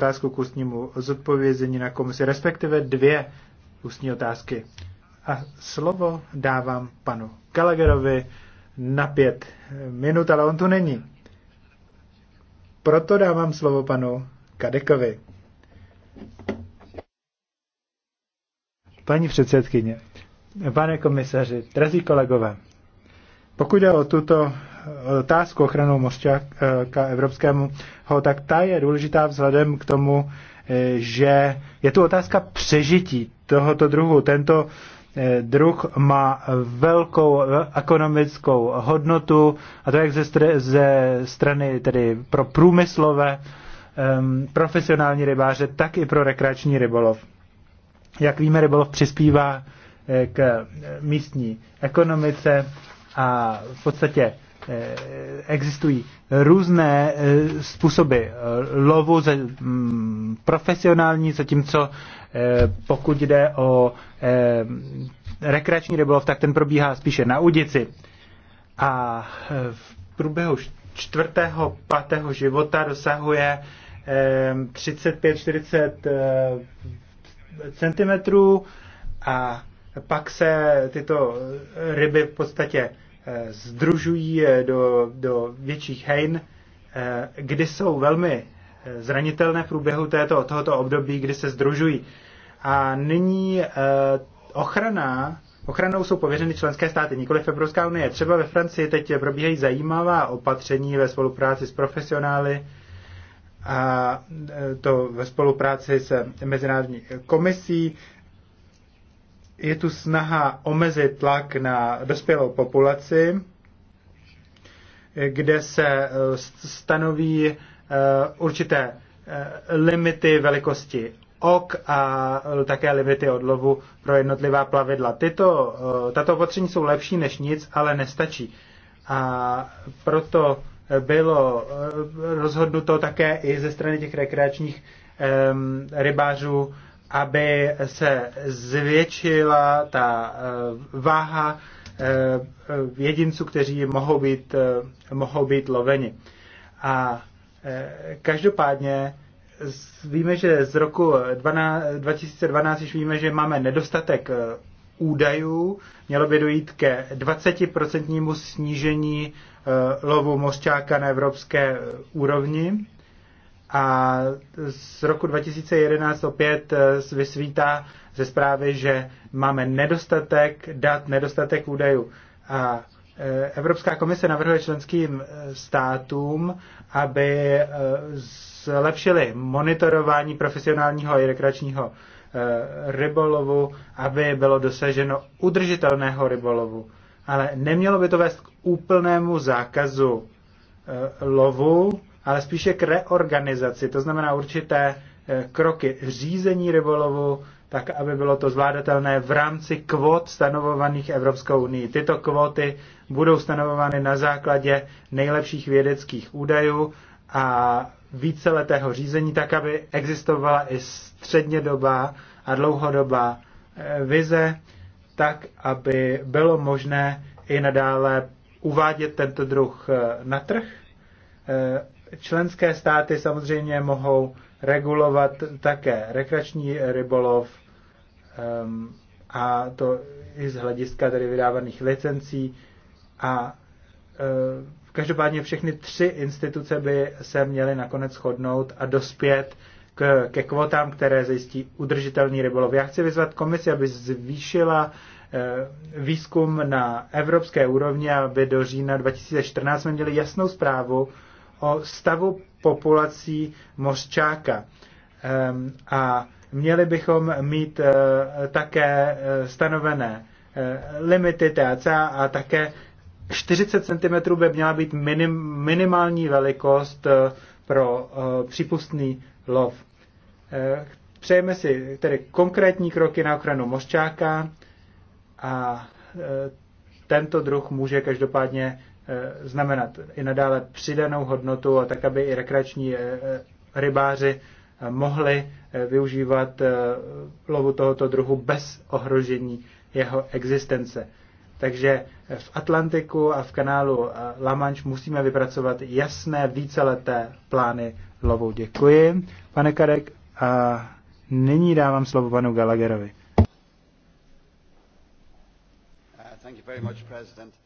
otázku k ústnímu zodpovězení na komisi, respektive dvě ústní otázky. A slovo dávám panu Gallagherovi na pět minut, ale on tu není. Proto dávám slovo panu Kadekovi. Paní předsedkyně, pane komisaři, drazí kolegové, pokud jde o tuto otázku ochranou k evropskému, tak ta je důležitá vzhledem k tomu, eh, že je tu otázka přežití tohoto druhu. Tento eh, druh má velkou ekonomickou hodnotu a to jak ze, str- ze strany tedy pro průmyslové, um, profesionální rybáře, tak i pro rekreační rybolov. Jak víme, rybolov přispívá eh, k místní ekonomice a v podstatě Eh, existují různé eh, způsoby eh, lovu, mm, profesionální, zatímco pokud jde o rekreační rybolov, tak ten probíhá spíše na udici. A v průběhu čtvrtého, pátého života dosahuje 35-40 centimetrů a pak se tyto ryby v podstatě Eh, združují do, do větších hejn, eh, kdy jsou velmi eh, zranitelné v průběhu této, tohoto období, kdy se združují. A nyní ochrana, ochranou jsou pověřeny členské státy, nikoli v Evropská unie. Třeba ve Francii teď probíhají zajímavá opatření ve spolupráci s profesionály, a to ve spolupráci se Mezinárodní komisí je tu snaha omezit tlak na dospělou populaci, kde se eh, stanoví eh, určité eh, limity velikosti ok a také limity odlovu pro jednotlivá plavidla. Tyto, tato opatření jsou lepší než nic, ale nestačí. A proto bylo rozhodnuto také i ze strany těch rekreačních rybářů aby se zvětšila ta eh, váha eh, jedinců, kteří mohou být, eh, mohou být loveni. A každopádně víme, že z roku 12, 2012 již víme, že máme nedostatek údajů. Mělo by dojít ke 20% snížení lovu mořčáka na evropské úrovni. A z roku 2011 opět eh, vysvítá ze zprávy, že máme nedostatek dat, nedostatek údajů. A eh, Evropská komise navrhuje členským eh, státům, aby zlepšili monitorování profesionálního i rekreačního rybolovu, aby bylo dosaženo udržitelného rybolovu. Ale nemělo by to vést k úplnému zákazu lovu, ale spíše k reorganizaci, to znamená určité eh, kroky řízení rybolovu, tak aby bylo to zvládatelné v rámci kvot stanovovaných Evropskou unii. Tyto kvóty budou stanovovány na základě nejlepších vědeckých údajů a víceletého řízení, tak aby existovala i střednědobá a dlouhodobá eh, vize, tak aby bylo možné i nadále uvádět tento druh eh, na trh Členské státy samozřejmě mohou regulovat také rekreační rybolov um, a to i z hlediska tedy vydávaných licencí a uh, každopádně všechny tři instituce by se měly nakonec shodnout a dospět k, ke kvotám, které zajistí udržitelný rybolov. Já chci vyzvat komisi, aby zvýšila eh, výzkum na evropské úrovni, aby do října 2014 jsme měli jasnou zprávu o stavu populací mořčáka. A měli bychom mít eh, také eh, stanovené eh, limity TCA a také 40 cm by měla být minim, minimální velikost pro přípustný lov. Přejeme si tedy konkrétní kroky na ochranu mořčáka a tento druh může každopádně Eh, znamenat i nadále přidanou hodnotu a tak, aby i rekreační eh, eh, rybáři mohli využívat lovu tohoto druhu bez ohrožení jeho existence. Takže v Atlantiku a v kanálu La Manche musíme vypracovat jasné víceleté plány lovu. Děkuji, pane Karek. A nyní dávám slovo panu Gallagherovi. Uh, thank you very much, President.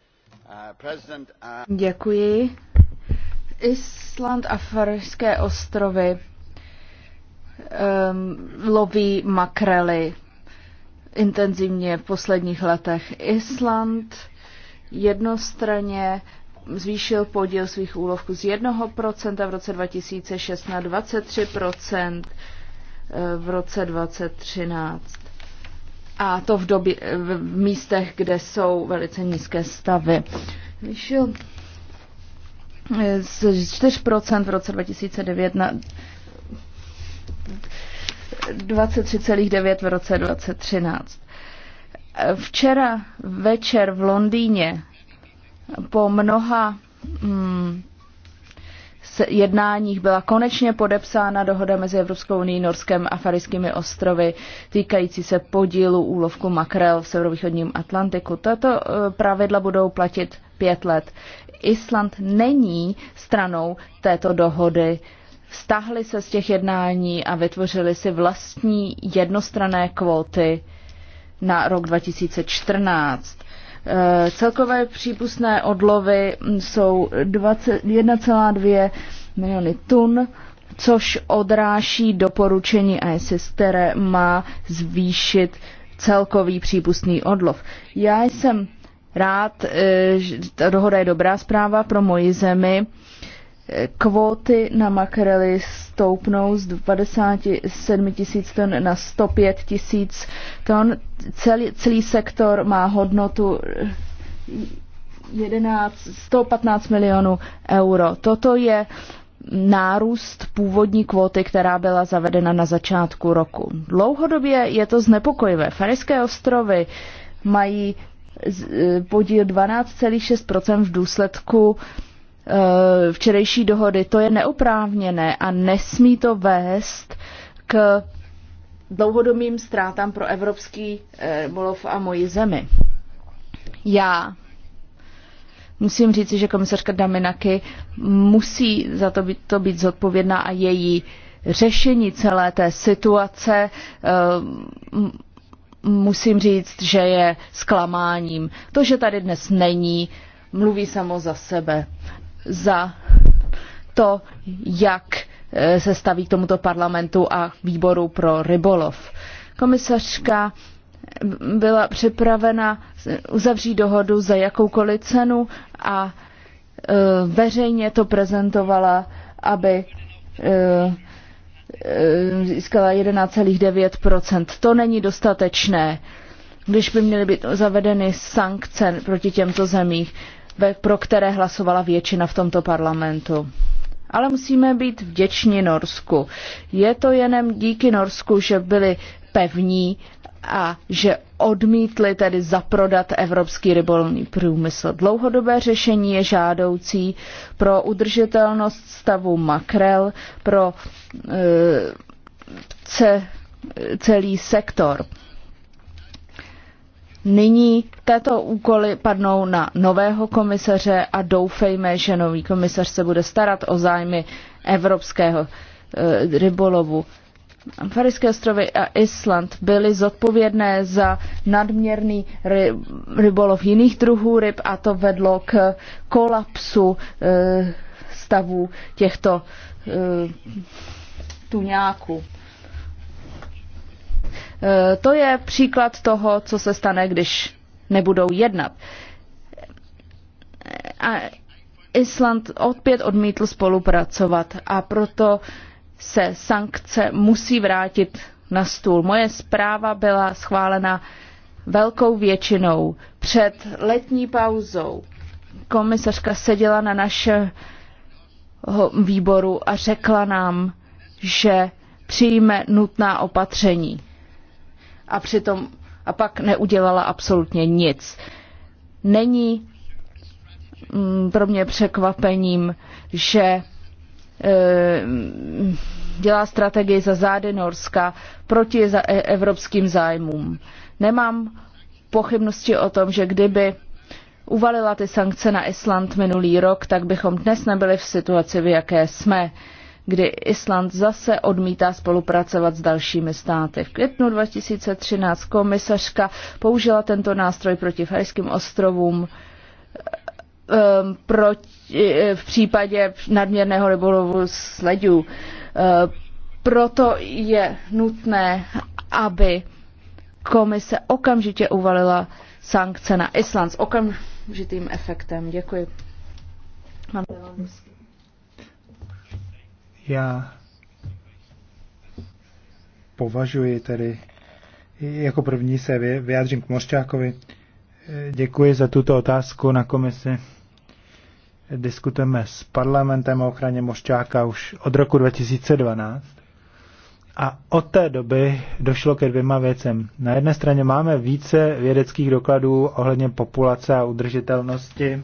Děkuji. Island a Farské ostrovy um, loví makrely intenzivně v posledních letech. Island jednostranně zvýšil podíl svých úlovků z 1% v roce 2006 na 23% eh, v roce 2013 a to v, době, v místech, kde jsou velice nízké stavy. Vyšel eh, z 4% v roce 2009 na 23,9 v roce 2013. Včera večer v Londýně po mnoha mm, jednáních byla konečně podepsána dohoda mezi Evropskou unii, Norskem a Farijskými ostrovy týkající se podílu úlovku makrel v severovýchodním Atlantiku. Tato eh, pravidla budou platit pět let. Island není stranou této dohody. Vztahli se z těch jednání a vytvořili si vlastní jednostrané kvóty na rok 2014. Eh, celkové přípustné odlovy jsou 1,2 miliony tun, což odráší doporučení ISIS, které má zvýšit celkový přípustný odlov. Já jsem rád, eh, že ta dohoda je dobrá zpráva pro moji zemi. Kvóty na makrely stoupnou z 27 tisíc ton na 105 tisíc ton. Celý, celý sektor má hodnotu 11, 115 milionů euro. Toto je nárůst původní kvóty, která byla zavedena na začátku roku. Dlouhodobě je to znepokojivé. Farijské ostrovy mají eh, podíl 12,6 v důsledku Eh, včerejší dohody, to je neoprávněné a nesmí to vést k dlouhodobým ztrátám pro evropský eh, bolov a moji zemi. Já musím říct, že komisařka Daminaky musí za to být, to být zodpovědná a její řešení celé té situace eh, musím říct, že je zklamáním. To, že tady dnes není, mluví samo za sebe za to, jak eh, se staví k tomuto parlamentu a výboru pro rybolov. Komisařka eh, byla připravena uzavřít dohodu za jakoukoliv cenu a eh, veřejně to prezentovala, aby získala 11,9%. To není dostatečné, když by měly být zavedeny sankce proti těmto zemích pro které hlasovala většina v tomto parlamentu. Ale musíme být vděční Norsku. Je to jenom díky Norsku, že byli pevní a že odmítli tedy zaprodat evropský rybolovný průmysl. Dlouhodobé řešení je žádoucí pro udržitelnost stavu makrel, pro e, ce, celý sektor. Nyní tato úkoly padnou na nového komisaře a doufejme, že nový komisař se bude starat o zájmy evropského e, rybolovu. Farijské ostrovy a Island byly zodpovědné za nadměrný ry, rybolov jiných druhů ryb a to vedlo k kolapsu e, eh, stavu těchto e, tuňáků. Eh, to je příklad toho, co se stane, když nebudou jednat. Eh, a Island opět odmítl spolupracovat a proto se sankce musí vrátit na stůl. Moje zpráva byla schválena velkou většinou před letní pauzou. Komisařka seděla na našem výboru a řekla nám, že přijme nutná opatření a přitom a pak neudělala absolutně nic. Není mm, pro mě překvapením, že e, dělá strategii za zády Norska proti za e, evropským zájmům. Nemám pochybnosti o tom, že kdyby uvalila ty sankce na Island minulý rok, tak bychom dnes nebyli v situaci, v jaké jsme. E, kdy Island zase odmítá spolupracovat s dalšími státy. V květnu 2013 komisařka použila tento nástroj proti Fajským ostrovům eh, eh, proti, eh, v případě nadměrného rybolovu sledů. Proto je nutné, aby komise okamžitě uvalila sankce na Island s okamžitým efektem. Děkuji. Já považuji tedy jako první se vyjádřím k Mořčákovi. Děkuji za tuto otázku na komisi. Diskutujeme s parlamentem o ochraně Mořčáka už od roku 2012. A od té doby došlo ke dvěma věcem. Na jedné straně máme více vědeckých dokladů ohledně populace a udržitelnosti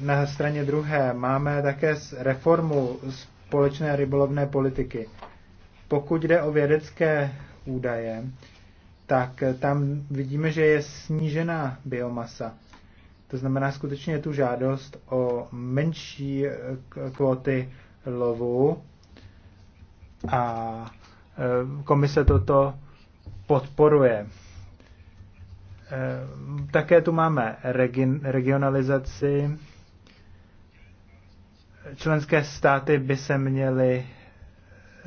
na straně druhé máme také reformu společné rybolovné politiky. Pokud jde o vědecké údaje, tak tam vidíme, že je snížená biomasa. To znamená, skutečně je tu žádost o menší eh, kvóty lovu a eh, komise toto podporuje. Eh, také tu máme regionalizaci členské státy by se měly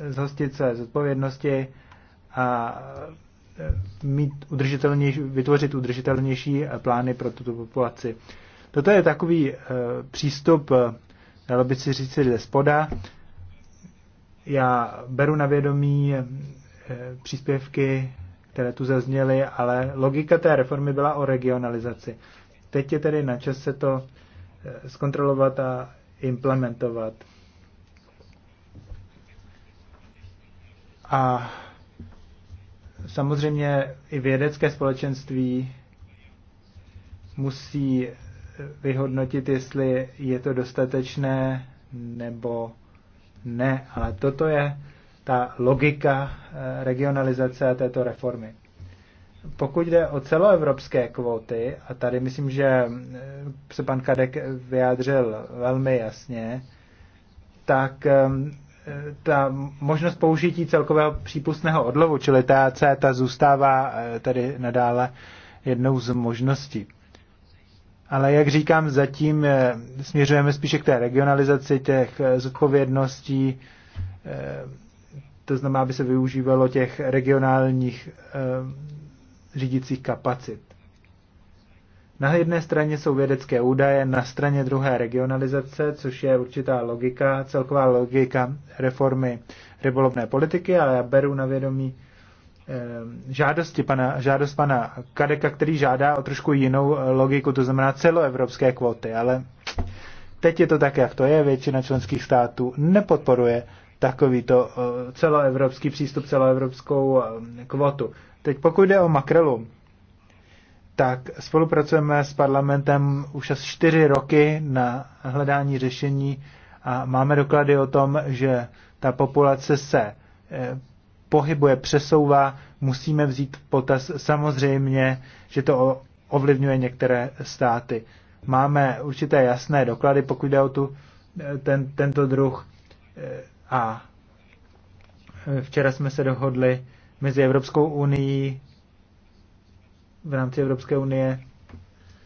zhostit své zodpovědnosti a e, mít udržitelnější, vytvořit udržitelnější e, plány pro tuto populaci. Toto je takový e, přístup, dalo by si říct, ze spoda. Já beru na vědomí příspěvky, které tu zazněly, ale logika té reformy byla o regionalizaci. Teď je tedy na čase to zkontrolovat a implementovat. A samozřejmě i vědecké společenství musí vyhodnotit, jestli je to dostatečné nebo ne. Ale toto je ta logika eh, regionalizace této reformy. Pokud jde o celoevropské kvóty, a tady myslím, že eh, se pan Kadek vyjádřil velmi jasně, tak eh, ta možnost použití celkového přípustného odlovu, čili TAC, ta zůstává eh, tedy nadále jednou z možností. Ale jak říkám, zatím směřujeme spíše k té regionalizaci těch zodpovědností, to znamená, aby se využívalo těch regionálních řídicích kapacit. Na jedné straně jsou vědecké údaje, na straně druhé regionalizace, což je určitá logika, celková logika reformy rybolovné politiky, ale já beru na vědomí eh, žádosti pana, žádost pana Kadeka, který žádá o trošku jinou eh, logiku, to znamená celoevropské kvóty, ale teď je to tak, jak to je, většina členských států nepodporuje takovýto eh, celoevropský přístup, celoevropskou kvotu. Teď pokud jde o makrelu, tak spolupracujeme s parlamentem už asi čtyři roky na hledání řešení a máme doklady o tom, že ta populace se eh, pohybuje, přesouvá, musíme vzít v potaz samozřejmě, že to ovlivňuje některé státy. Máme určité jasné doklady, pokud jde o tu, eh, ten, tento druh eh, a včera jsme se dohodli, mezi Evropskou unii v rámci Evropské unie,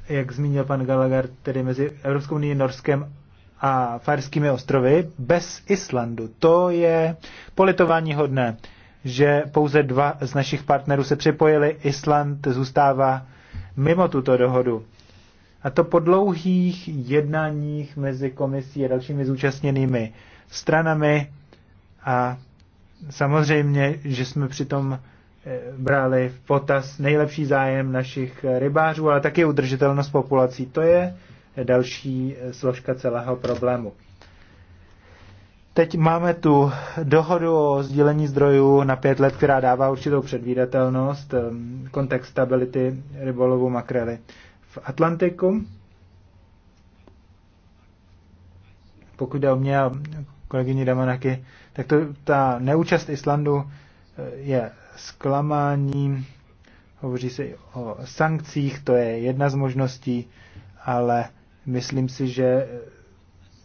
jak zmínil pan Gallagher, tedy mezi Evropskou unii, Norskem a Farskými ostrovy bez Islandu. To je politování hodné, že pouze dva z našich partnerů se připojili, Island zůstává mimo tuto dohodu. A to po dlouhých jednáních mezi komisí a dalšími zúčastněnými stranami a Samozřejmě, že jsme přitom eh, brali v potaz nejlepší zájem našich eh, rybářů, ale také udržitelnost populací. To je další eh, složka celého problému. Teď máme tu dohodu o sdílení zdrojů na pět let, která dává určitou předvídatelnost, ehm, kontext stability rybolovu makrely v Atlantiku. Pokud jde o mě a kolegyni Damanaky, tak to, ta neúčast Islandu eh, je zklamáním. Hovoří se o sankcích, to je jedna z možností, ale myslím si, že eh,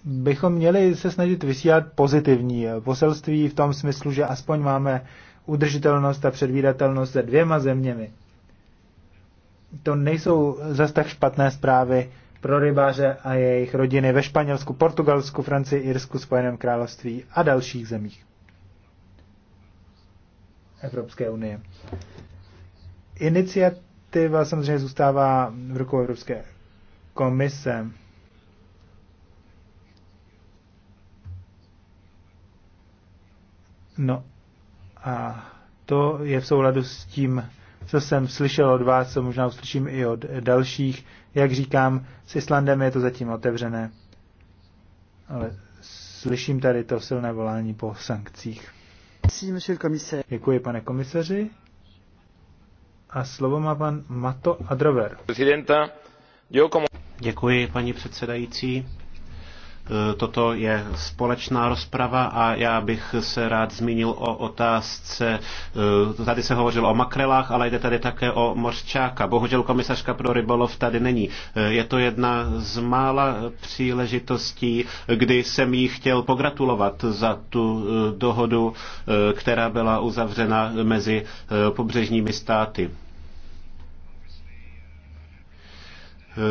bychom měli se snažit vysílat pozitivní eh, poselství v tom smyslu, že aspoň máme udržitelnost a předvídatelnost se dvěma zeměmi. To nejsou zas tak špatné zprávy, pro rybáře a jejich rodiny ve Španělsku, Portugalsku, Francii, Irsku, Spojeném království a dalších zemích Evropské unie. Iniciativa samozřejmě zůstává v rukou Evropské komise. No a to je v souladu s tím co jsem slyšel od vás, co možná uslyším i od dalších. Jak říkám, s Islandem je to zatím otevřené, ale slyším tady to silné volání po sankcích. Děkuji, pane komisaři. A slovo má pan Mato Adrover. Děkuji, paní předsedající. Toto je společná rozprava a já bych se rád zmínil o otázce, eh, tady se hovořilo o makrelách, ale jde tady také o mořčáka. Bohužel komisařka pro rybolov tady není. Eh, je to jedna z mála příležitostí, kdy jsem jí chtěl pogratulovat za tu eh, dohodu, která byla uzavřena mezi pobřežními státy.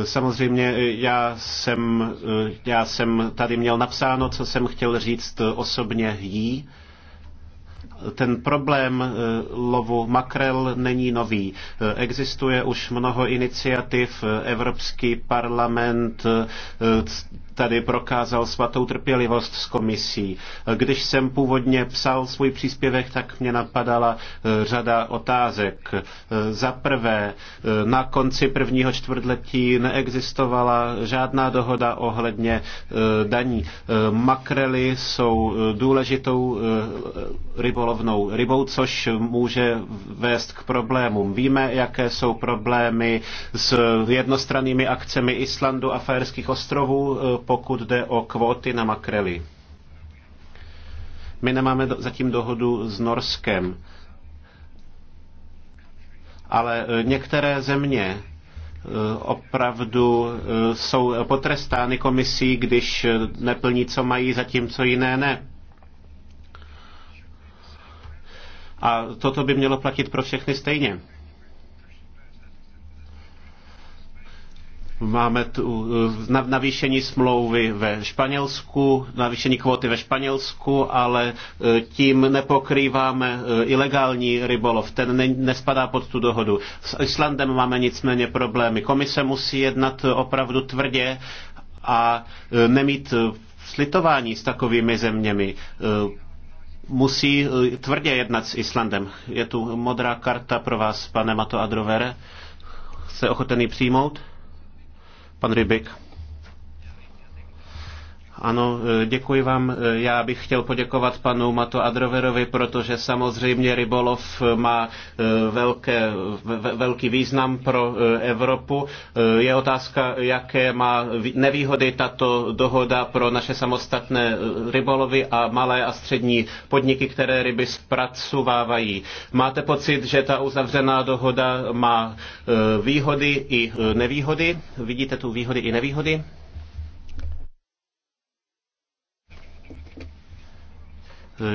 Samozřejmě já jsem, já jsem tady měl napsáno, co jsem chtěl říct osobně jí. Ten problém eh, lovu makrel není nový. Eh, existuje už mnoho iniciativ, Evropský parlament eh, tady prokázal svatou trpělivost s komisí. Když jsem původně psal svůj příspěvek, tak mě napadala eh, řada otázek. Eh, za prvé, eh, na konci prvního čtvrtletí neexistovala žádná dohoda ohledně daní. Makrely jsou důležitou rybolovnou rybou, což může vést k problémům. Víme, jaké jsou problémy s jednostrannými akcemi Islandu a Fajerských ostrovů pokud jde o kvóty na makrely. My nemáme zatím dohodu s Norskem, ale e, některé země e, opravdu e, jsou potrestány komisí, když neplní, co mají, zatímco jiné ne. A toto by mělo platit pro všechny stejně. Máme tu eh, navýšení smlouvy ve Španělsku, navýšení kvóty ve Španělsku, ale eh, tím nepokrýváme eh, ilegální rybolov. Ten ne, nespadá pod tu dohodu. S Islandem máme nicméně problémy. Komise musí jednat opravdu tvrdě a nemít slitování s takovými zeměmi musí tvrdě jednat s Islandem. Je tu modrá karta pro vás, pane Mato Adrovere. Jste ochotený přijmout? Pan Rybik. Ano, e, děkuji vám. E, já bych chtěl poděkovat panu Mato Adroverovi, protože samozřejmě rybolov má e, velké, velký význam pro Evropu. Je otázka, jaké má nevýhody tato dohoda pro naše samostatné rybolovy a malé a střední podniky, které ryby zpracovávají. Máte pocit, že ta uzavřená dohoda má výhody i nevýhody? Vidíte tu výhody i nevýhody?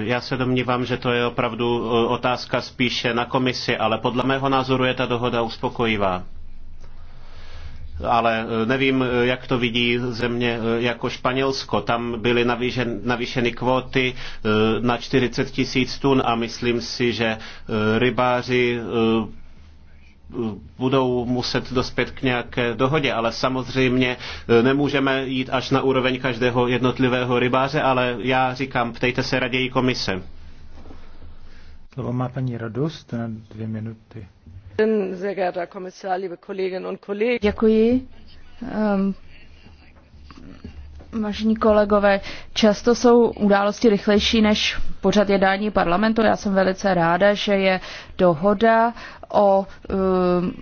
Já se domnívám, že to je opravdu e, otázka spíše na komisi, ale podle mého názoru je ta dohoda uspokojivá. Ale e, nevím, jak to vidí země e, jako Španělsko. Tam byly navýšeny kvóty na 40 tisíc tun a myslím si, že rybáři budou muset dospět k nějaké dohodě, ale samozřejmě eh, nemůžeme jít až na úroveň každého jednotlivého rybáře, ale já říkám, ptejte se raději komise. Slovo má paní Radost na dvě minuty. Děkuji. Um, vážení kolegové, často jsou události rychlejší než pořad jednání parlamentu. Já jsem velice ráda, že je dohoda o um,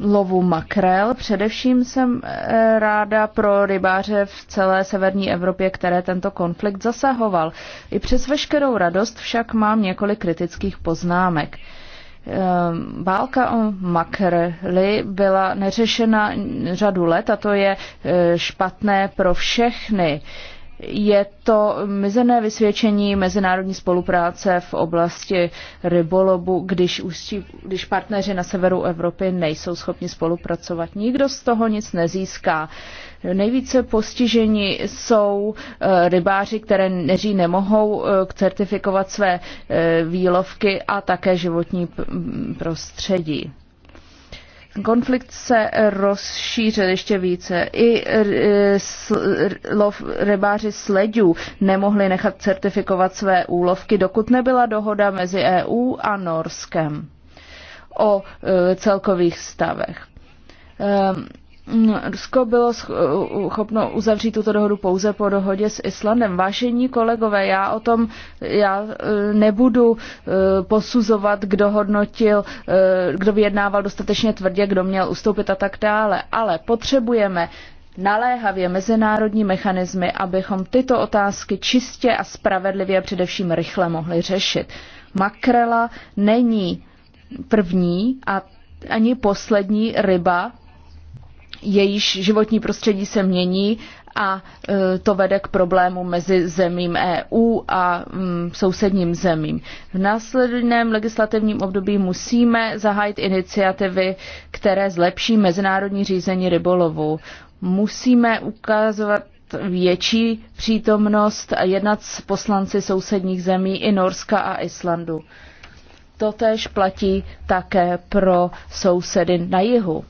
lovu makrel. Především jsem eh, ráda pro rybáře v celé severní Evropě, které tento konflikt zasahoval. I přes veškerou radost však mám několik kritických poznámek. Ehm, válka o makrely byla neřešena řadu let a to je eh, špatné pro všechny. Je to mizerné vysvědčení mezinárodní spolupráce v oblasti rybolobu, když, ústí, když partneři na severu Evropy nejsou schopni spolupracovat. Nikdo z toho nic nezíská. Nejvíce postiženi jsou eh, rybáři, které neří nemohou eh, certifikovat své eh, výlovky a také životní prostředí. Konflikt se rozšířil ještě více. I e, lov, rybáři sledů nemohli nechat certifikovat své úlovky, dokud nebyla dohoda mezi EU a Norskem o e, celkových stavech. Ehm, Rusko bylo schopno uzavřít tuto dohodu pouze po dohodě s Islandem. Vážení kolegové, já o tom já e, nebudu e, posuzovat, kdo hodnotil, e, kdo vyjednával dostatečně tvrdě, kdo měl ustoupit a tak dále, ale potřebujeme naléhavě mezinárodní mechanismy, abychom tyto otázky čistě a spravedlivě a především rychle mohli řešit. Makrela není první a ani poslední ryba, jejíž životní prostředí se mění a e, to vede k problému mezi zemím EU a mm, sousedním zemím. V následném legislativním období musíme zahájit iniciativy, které zlepší mezinárodní řízení rybolovu. Musíme ukazovat větší přítomnost a jednat s poslanci sousedních zemí i Norska a Islandu. Totež platí také pro sousedy na jihu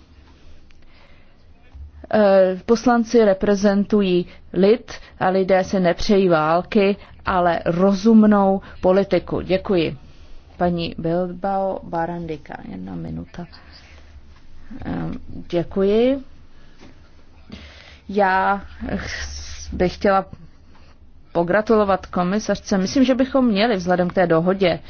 Eh, poslanci reprezentují lid a lidé se nepřejí války, ale rozumnou politiku. Děkuji. Paní Bilbao Barandika, jedna minuta. Děkuji. Já bych chtěla pogratulovat komisařce. Myslím, že bychom měli vzhledem k té dohodě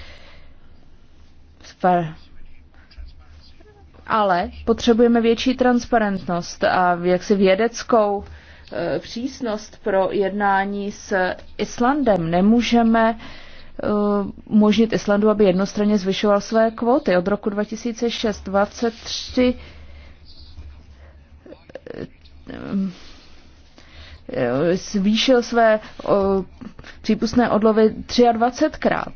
ale potřebujeme větší transparentnost a jaksi vědeckou e, přísnost pro jednání s Islandem. Nemůžeme e, umožnit Islandu, aby jednostranně zvyšoval své kvóty. Od roku 2006 2023 e, zvýšil své přípustné odlovy 23krát.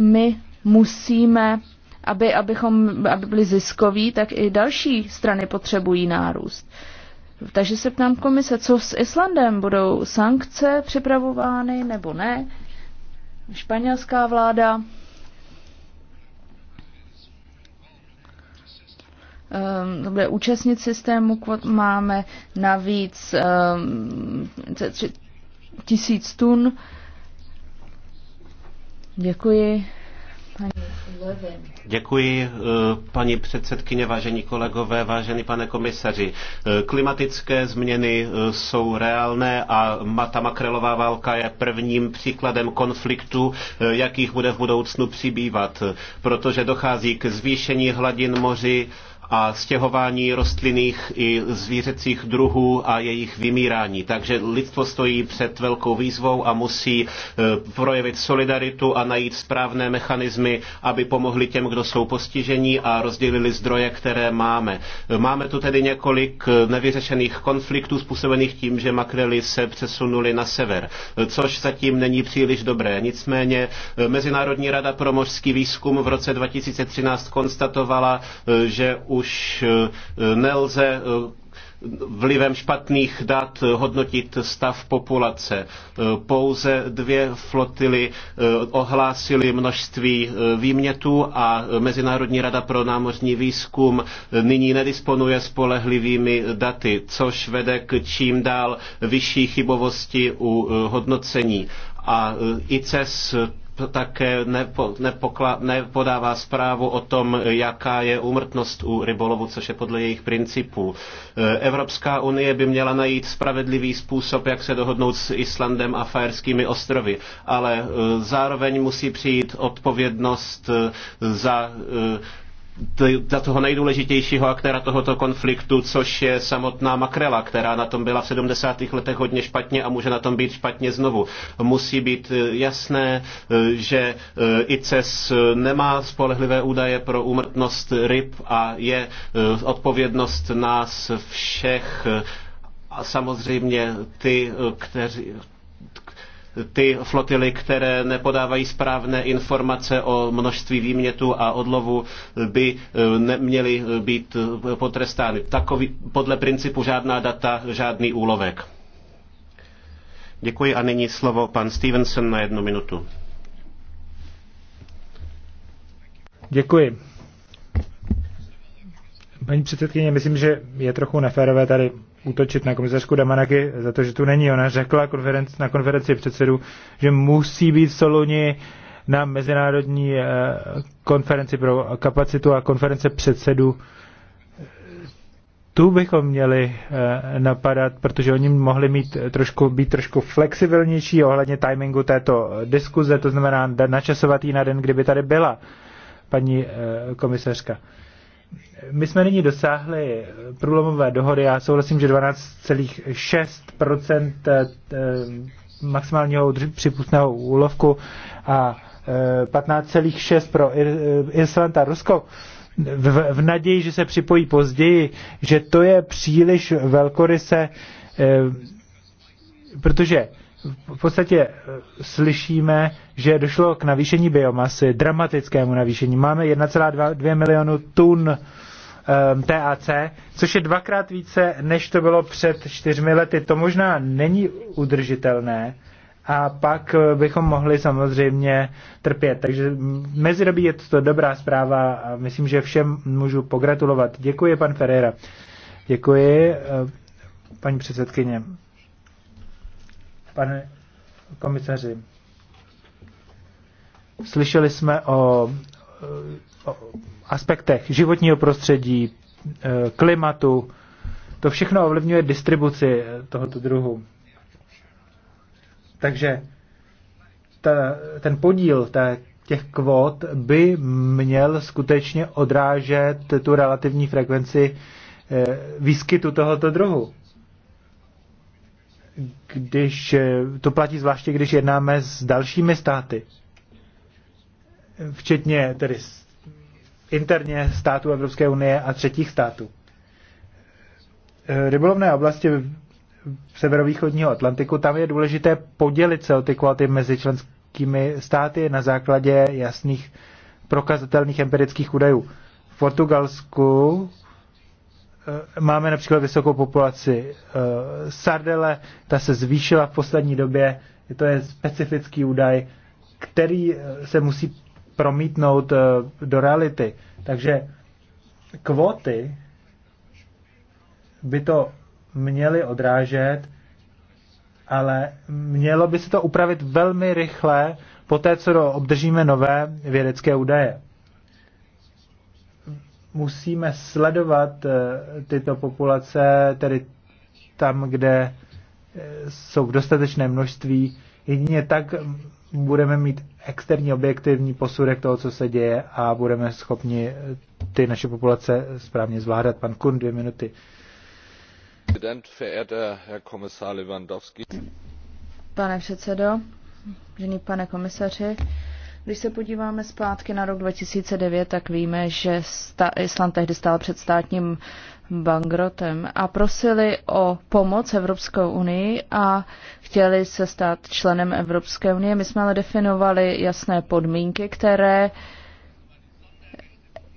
My musíme aby, abychom, aby byli ziskoví, tak i další strany potřebují nárůst. Takže se ptám komise, co s Islandem? Budou sankce připravovány nebo ne? Španělská vláda? Um, bude účastnit systému kvot. Máme navíc ehm, tisíc tun. Děkuji. Děkuji, eh, paní předsedkyně, vážení kolegové, vážený pane komisaři. Eh, klimatické změny eh, jsou reálné a ta makrelová válka je prvním příkladem konfliktu, jakých bude v budoucnu přibývat, protože dochází k zvýšení hladin moři, a stěhování rostlinných i zvířecích druhů a jejich vymírání. Takže lidstvo stojí před velkou výzvou a musí e, projevit solidaritu a najít správné mechanismy, aby pomohli těm, kdo jsou postižení a rozdělili zdroje, které máme. E, máme tu tedy několik e, nevyřešených konfliktů způsobených tím, že makrely se přesunuli na sever, což zatím není příliš dobré. Nicméně Mezinárodní rada pro mořský výzkum v roce 2013 konstatovala, že u už eh, nelze eh, vlivem špatných dat hodnotit stav populace. Eh, pouze dvě flotily ohlásily množství výmětů a Mezinárodní rada pro námořní výzkum nyní nedisponuje spolehlivými daty, což vede k čím dál vyšší chybovosti u hodnocení. A ICES také nepo, nepokla, nepodává zprávu o tom, jaká je úmrtnost u rybolovu, což je podle jejich principů. E, Evropská unie by měla najít spravedlivý způsob, jak se dohodnout s Islandem a Fajerskými ostrovy, ale e, zároveň musí přijít odpovědnost e, za za toho nejdůležitějšího aktéra tohoto konfliktu, což je samotná makrela, která na tom byla v 70. letech hodně špatně a může na tom být špatně znovu. Musí být eh, jasné, eh, že eh, ICES nemá spolehlivé údaje pro úmrtnost ryb a je odpovědnost nás všech a samozřejmě ty, kteří, ty flotily, které nepodávají správné informace o množství výmětu a odlovu, by eh, neměly eh, být eh, potrestány. Takový, podle principu žádná data, žádný úlovek. Děkuji a nyní slovo pan Stevenson na jednu minutu. Děkuji. Paní předsedkyně, myslím, že je trochu neférové tady útočit na komisařku Damanaky za to, že tu není. Ona řekla konferenc, na konferenci předsedů, že musí být v Soluni na mezinárodní eh, konferenci pro kapacitu a konference předsedů. Tu bychom měli eh, napadat, protože oni mohli mít trošku, být trošku flexibilnější ohledně timingu této eh, diskuze, to znamená načasovat ji na den, kdyby tady byla paní komisařka. My jsme nyní dosáhli průlomové dohody, já souhlasím, že 12,6 eh, eh, maximálního připustného úlovku a 15,6 eh, pro Island a Rusko v, v naději, že se připojí později, že to je příliš velkoryse, protože v podstatě eh, slyšíme, že došlo k navýšení biomasy, dramatickému navýšení. Máme 1,2 milionu tun ehm, TAC, což je dvakrát více, než to bylo před čtyřmi lety. To možná není udržitelné a pak eh, bychom mohli samozřejmě trpět. Takže mezidobí je to dobrá zpráva a myslím, že všem můžu pogratulovat. Děkuji, pan Ferreira. Děkuji, eh, paní předsedkyně pane komisaři. Slyšeli jsme o, o aspektech životního prostředí, e, klimatu. To všechno ovlivňuje distribuci e, tohoto druhu. Takže ta, ten podíl ta, těch kvot by měl skutečně odrážet tu relativní frekvenci e, výskytu tohoto druhu když eh, to platí zvláště, když jednáme s dalšími státy, včetně tedy interně států Evropské unie a třetích států. Eh, rybolovné oblasti severovýchodního Atlantiku, tam je důležité podělit se o ty kvóty mezi členskými státy na základě jasných prokazatelných empirických údajů. V Portugalsku Eh, máme například vysokou populaci eh, sardele, ta se zvýšila v poslední době, to je specifický údaj, který eh, se musí promítnout do reality. Takže kvóty by to měly odrážet, ale mělo by se to upravit velmi rychle, poté co obdržíme nové vědecké údaje musíme sledovat eh, tyto populace, tedy tam, kde eh, jsou v dostatečné množství. Jedině tak budeme mít externí objektivní posudek toho, co se děje a budeme schopni eh, ty naše populace správně zvládat. Pan Kun, dvě minuty. Pane předsedo, žený pane komisaři, když se podíváme zpátky na rok 2009, tak víme, že Island tehdy stál před státním bankrotem a prosili o pomoc Evropskou unii a chtěli se stát členem Evropské unie. My jsme ale definovali jasné podmínky, které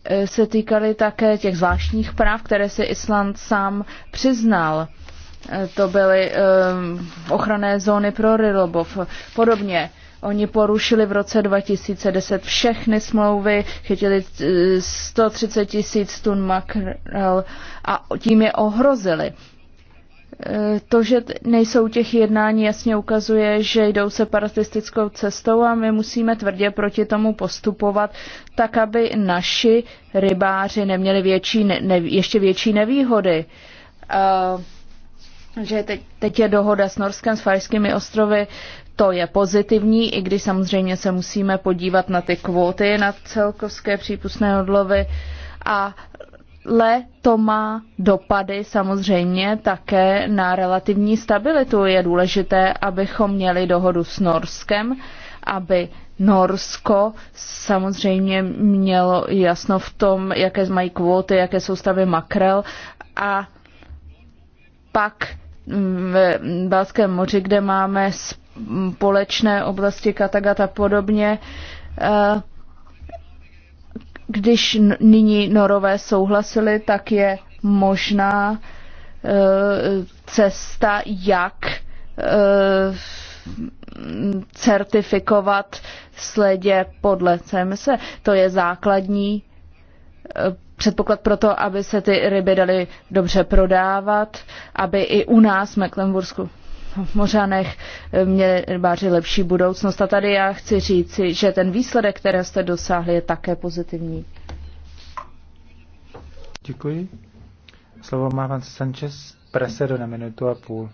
eh, se týkaly také těch zvláštních práv, které si Island sám přiznal. Eh, to byly eh, ochranné zóny pro rybov. Podobně Oni porušili v roce 2010 všechny smlouvy, chytili 130 eh, tisíc tun makrel a tím je ohrozili. Eh, to, že nejsou těch jednání, jasně ukazuje, že jdou se separatistickou cestou a my musíme tvrdě proti tomu postupovat, tak aby naši rybáři neměli větší, ne, ještě větší nevýhody. Uh, že teď, teď je dohoda s Norskem, s Fajskými ostrovy, to je pozitivní, i když samozřejmě se musíme podívat na ty kvóty, na celkovské přípustné odlovy a Le to má dopady samozřejmě také na relativní stabilitu. Je důležité, abychom měli dohodu s Norskem, aby Norsko samozřejmě mělo jasno v tom, jaké mají kvóty, jaké jsou stavy makrel a pak v Balském moři, kde máme polečné oblasti Katagat a podobně. Eh, když nyní Norové souhlasili, tak je možná eh, cesta, jak eh, certifikovat sledě podle CMS. To je základní předpoklad pro to, aby se ty ryby daly dobře prodávat, aby i u nás v Mecklenburgsku Mořanech eh, mě báří lepší budoucnost. A tady já chci říci, že ten výsledek, který jste dosáhli, je také pozitivní. Děkuji. Slovo má pan Sanchez Presedo na minutu a půl.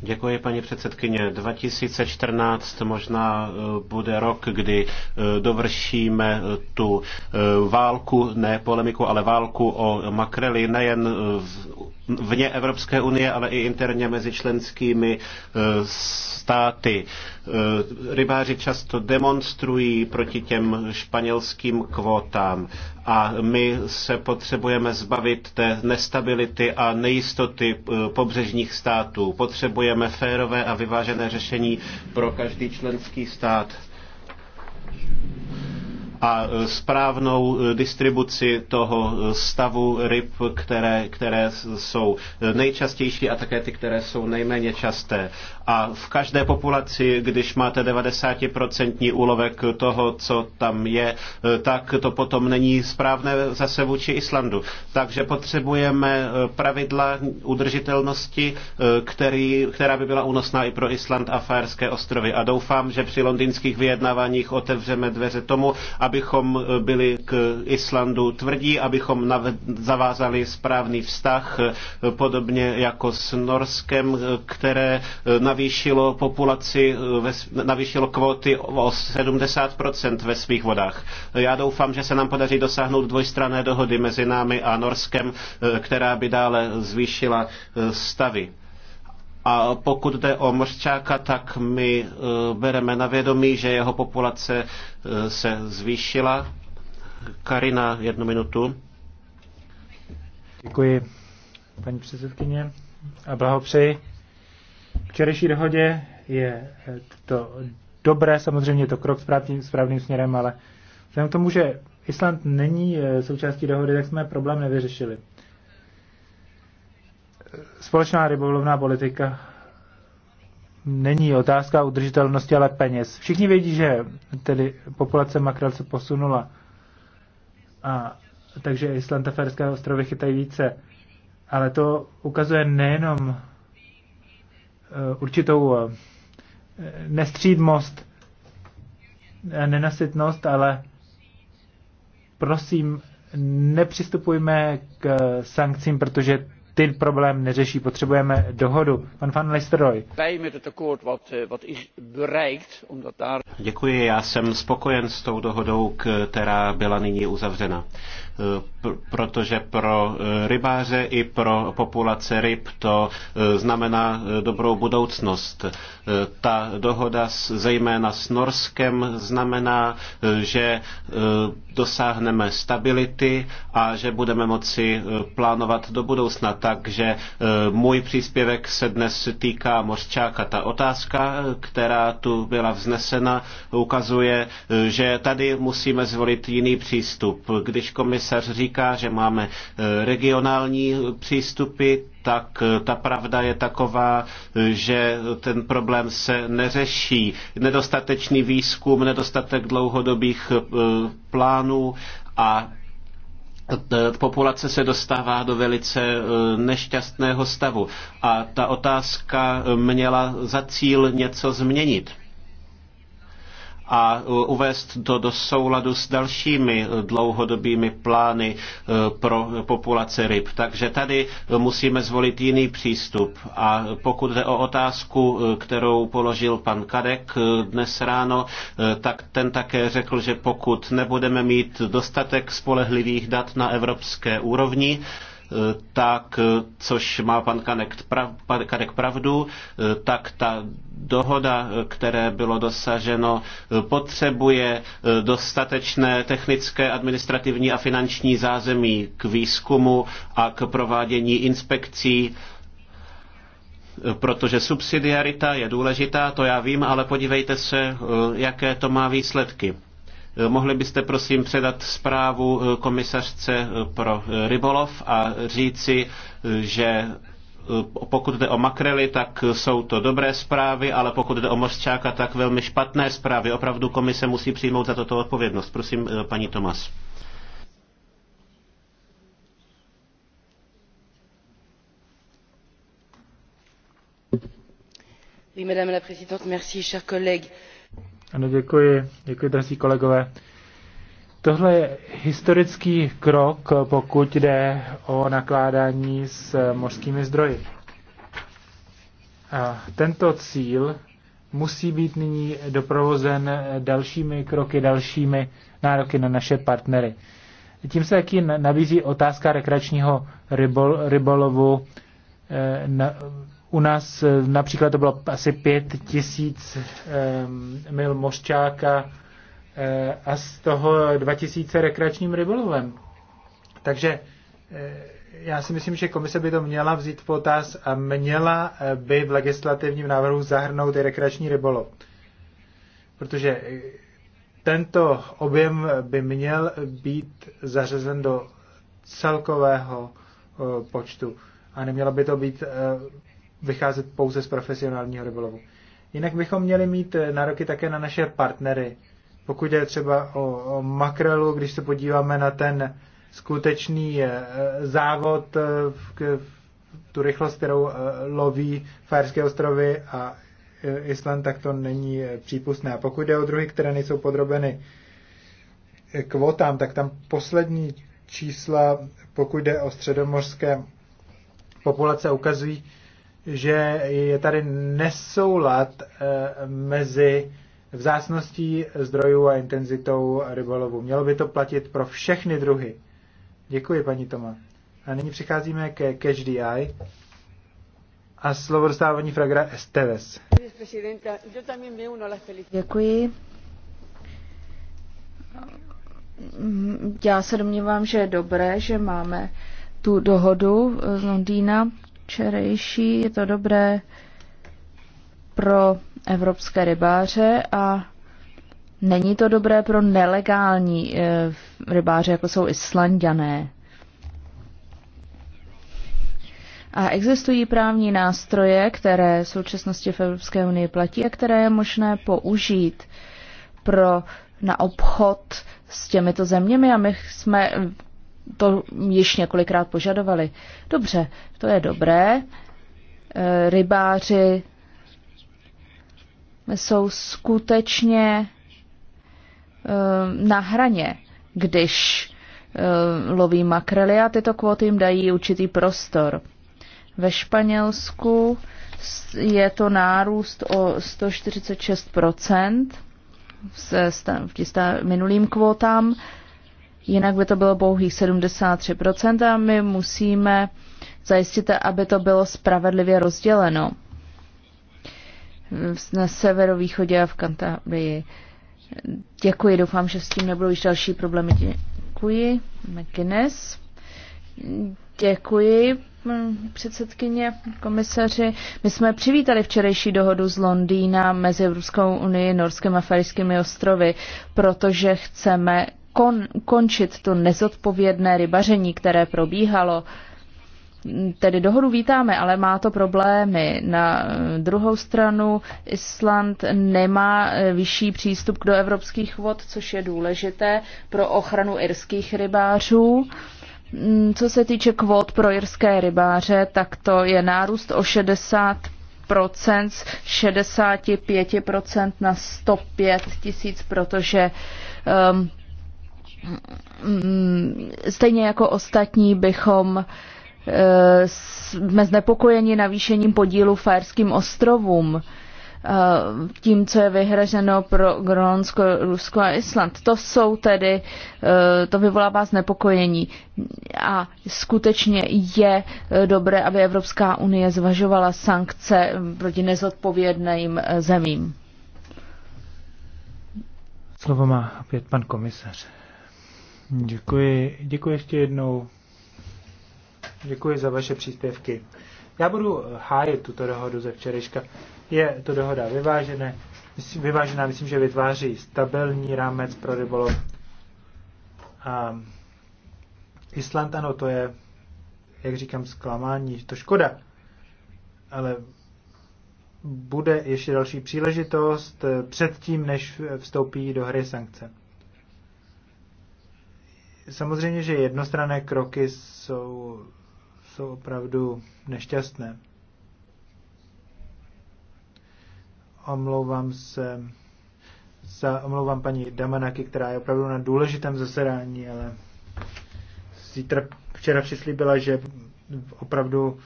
Děkuji, paní předsedkyně. 2014 možná eh, bude rok, kdy eh, dovršíme tu válku, ne polemiku, ale válku o makreli nejen v vně Evropské unie, ale i interně mezi členskými eh, státy. Eh, rybáři často demonstrují proti těm španělským kvótám a my se potřebujeme zbavit té nestability a nejistoty eh, pobřežních států. Potřebujeme férové a vyvážené řešení pro každý členský stát a e, správnou e, distribuci toho e, stavu ryb, které, které jsou nejčastější a také ty, které jsou nejméně časté. A v každé populaci, když máte 90% úlovek toho, co tam je, tak to potom není správné zase vůči Islandu. Takže potřebujeme pravidla udržitelnosti, který, která by byla únosná i pro Island a Fajerské ostrovy. A doufám, že při londýnských vyjednáváních otevřeme dveře tomu, aby abychom eh, byli k Islandu tvrdí, abychom zavázali správný vztah, eh, podobně jako s Norskem, eh, které navýšilo populaci, navýšilo kvóty o 70% ve svých vodách. Já doufám, že se nám podaří dosáhnout dvojstranné dohody mezi námi a Norskem, která by dále zvýšila stavy. A pokud jde o mořčáka, tak my eh, bereme na vědomí, že jeho populace eh, se zvýšila. Karina, jednu minutu. Děkuji, paní předsedkyně, a blahopřeji. K včerejší dohodě je eh, to dobré, samozřejmě je to krok správným, správným směrem, ale vzhledem k tomu, že Island není součástí dohody, tak jsme problém nevyřešili společná rybolovná politika není otázka udržitelnosti, ale peněz. Všichni vědí, že tedy populace makrel se posunula. A, takže Island a Ferské ostrovy chytají více. Ale to ukazuje nejenom eh, určitou eh, nestřídmost, nenasytnost, ale prosím, nepřistupujme k sankcím, protože ten problém neřeší. Potřebujeme dohodu. Pan Van Listeroy. Eh, Děkuji, já jsem spokojen s tou dohodou, která byla nyní uzavřena protože pro e, rybáře i pro populace ryb to e, znamená e, dobrou budoucnost. Ta dohoda zejména s Norskem znamená, že dosáhneme stability a že budeme moci plánovat do budoucna. Takže můj příspěvek se dnes týká mořčáka. Ta otázka, která tu byla vznesena, ukazuje, že tady musíme zvolit jiný přístup. Když komise komisař říká, že máme e, regionální přístupy, tak e, ta pravda je taková, e, že ten problém se neřeší. Nedostatečný výzkum, nedostatek dlouhodobých plánů a populace se dostává do velice nešťastného stavu. A ta otázka měla za cíl něco změnit a e, uvést to do souladu s dalšími e, dlouhodobými plány e, pro populace ryb. Takže tady musíme zvolit jiný přístup. A pokud jde o otázku, kterou položil pan Kadek dnes ráno, tak ten také řekl, že pokud nebudeme mít dostatek spolehlivých dat na evropské úrovni, Eh, tak, eh, což má pan Kanek, prav, pan Kanek pravdu, eh, tak ta dohoda, které bylo dosaženo, potřebuje dostatečné technické, administrativní a finanční zázemí k výzkumu a k provádění inspekcí protože subsidiarita je důležitá, to já vím, ale podívejte se, jaké to má výsledky. Mohli byste prosím předat zprávu eh, komisařce eh, pro eh, rybolov a říci, že pokud jde o makrely, tak jsou to dobré zprávy, ale pokud jde o mořčáka, tak velmi špatné zprávy. Opravdu komise musí přijmout za toto odpovědnost. Prosím, paní Tomas. Oui, madame la présidente, merci, chers collègues. Ano, děkuji, děkuji, drazí kolegové. Tohle je historický krok, pokud jde o nakládání s mořskými zdroji. A tento cíl musí být nyní doprovozen dalšími kroky, dalšími nároky na naše partnery. Tím se taky nabízí otázka rekreačního rybol, rybolovu, eh, na, u nás eh, například to bylo asi pět tisíc ehm, mil mořčáka eh, a z toho 2000 rekreačním rybolovem. Takže eh, já si myslím, že komise by to měla vzít v potaz a měla by v legislativním návrhu zahrnout i rekreační rybolov. Protože tento objem by měl být zařazen do celkového počtu a nemělo by to být vycházet pouze z profesionálního rybolovu. Jinak bychom měli mít eh, nároky také na naše partnery. Pokud je třeba o, o makrelu, když se podíváme na ten skutečný eh, eh, závod, v, v, tu rychlost, kterou loví Fajerské ostrovy a Island, tak to není přípustné. A pokud jde o druhy, které nejsou podrobeny kvotám, tak tam poslední čísla, pokud jde o středomorské populace, ukazují, že je tady nesoulad eh, mezi vzácností zdrojů a intenzitou rybolovu. Mělo by to platit pro všechny druhy. Děkuji, paní Toma. A nyní přicházíme ke Catch the Eye. A slovo dostává paní Fragra Esteves. Děkuji. Já se domnívám, že je dobré, že máme tu dohodu z Londýna, včerejší. Je to dobré pro evropské rybáře a není to dobré pro nelegální eh, rybáře, jako jsou Islandiané. A existují právní nástroje, které v současnosti v Evropské unii platí a které je možné použít pro na obchod s těmito zeměmi a my jsme to již několikrát požadovali. Dobře, to je dobré. Rybáři jsou skutečně na hraně, když loví makrely a tyto kvóty jim dají určitý prostor. Ve Španělsku je to nárůst o 146 v minulým kvótám jinak by to bylo pouhých 73% a my musíme zajistit, aby to bylo spravedlivě rozděleno na severovýchodě a v Kantabrii. Děkuji, doufám, že s tím nebudou již další problémy. Děkuji, McGuinness. Děkuji, předsedkyně, komisaři. My jsme přivítali včerejší dohodu z Londýna mezi Evropskou unii, Norskem a Farijskými ostrovy, protože chceme kon, končit to nezodpovědné rybaření, které probíhalo. Tedy dohodu vítáme, ale má to problémy. Na druhou stranu Island nemá eh, vyšší přístup do evropských vod, což je důležité pro ochranu irských rybářů. Mm, co se týče kvót pro jirské rybáře, tak to je nárůst o 60 z 65 na 105 tisíc, protože um, Mm, stejně jako ostatní bychom eh, jsme znepokojeni navýšením podílu Fajerským ostrovům, eh, tím, co je vyhraženo pro Grónsko, Rusko a Island. To jsou tedy, eh, to vyvolává znepokojení. A skutečně je dobré, aby Evropská unie zvažovala sankce proti nezodpovědným zemím. Slovo má opět pan komisař. Děkuji, děkuji ještě jednou. Děkuji za vaše příspěvky. Já budu hájit tuto dohodu ze včerejška. Je to dohoda vyvážené, myslím, vyvážená, myslím, že vytváří stabilní rámec pro rybolov. A Island, ano, to je, jak říkám, zklamání, to škoda. Ale bude ještě další příležitost eh, předtím, než vstoupí do hry sankce. Samozřejmě, že jednostranné kroky jsou, jsou opravdu nešťastné. Omlouvám se, za, omlouvám paní Damanaki, která je opravdu na důležitém zasedání, ale zítra, včera přislíbila, že opravdu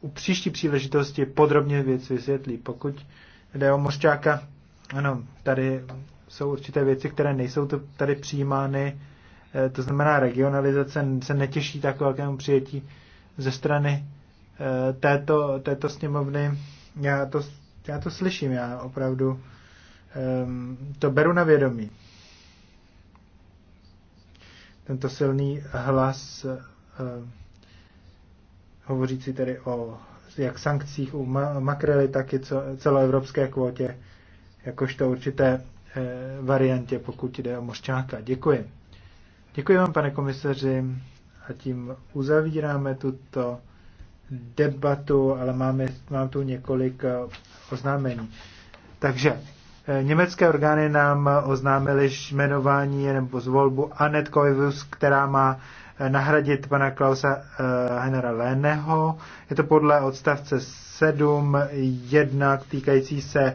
u příští příležitosti podrobně věc vysvětlí. Pokud jde o Mořčáka, ano, tady jsou určité věci, které nejsou tady přijímány Eh, to znamená regionalizace, se netěší takovému přijetí ze strany eh, této, této sněmovny. Já to, já to slyším, já opravdu ehm, to beru na vědomí. Tento silný hlas eh, hovořící tedy o jak sankcích u makrely, tak i celoevropské kvótě, jakožto určité variantě, pokud jde o mořčáka. Děkuji. Děkuji vám, pane komisaři, a tím uzavíráme tuto debatu, ale máme, mám tu několik eh, oznámení. Takže eh, Německé orgány nám oznámily jmenování nebo zvolbu Anet Koivus, která má eh, nahradit pana Klausa Heinera Léneho. Je to podle odstavce 7.1 týkající se